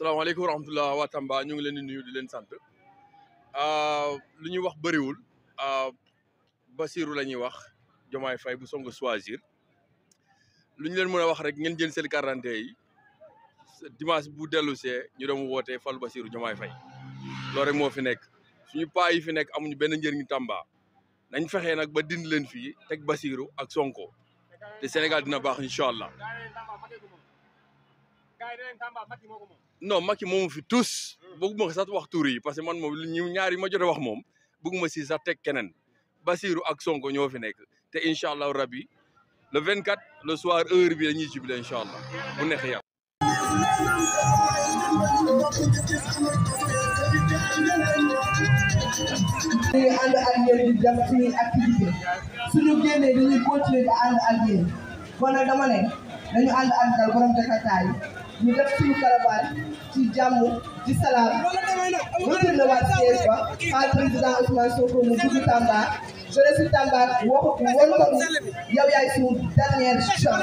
salaamaaleykum wa rahmatullah waa Tamba ñu ngi leen di nuyu di leen sant ah, lu ñuy wax bari bëriwul ah, Basirou la ñuy wax jomay fay bu songu choisir lu ñu leen mëna wax rek ngeen jël sel quarantaine yi dimanche bu delu sé ñu dem woté fal Basirou jomay fay lo rek mo fi nek suñu pa yi fi nek amuñu benn ñu Tamba nañ fexé nak ba dind leen fi tek Basirou ak Sonko te Sénégal dina bax inshallah non Macky moomu fi tous bëgguma ko sax wax tur yi parce que man moom ñu ñaar yi ma jot a wax moom bëgguma si sax teg keneen Basirou ak Sonko ñoo fi nekk te incha allah rabi le 24 le soir heure bi la ñuy jubile incha allah bu neex yàlla. ñu def suñu caravane ci jàmm ci salaam retourné waat siège ba xaar président Ousmane Sonko mu dugg Tamba je suis Tamba wax woon ko yow yaay suñu dernière chance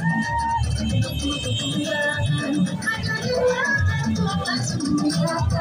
Thank you.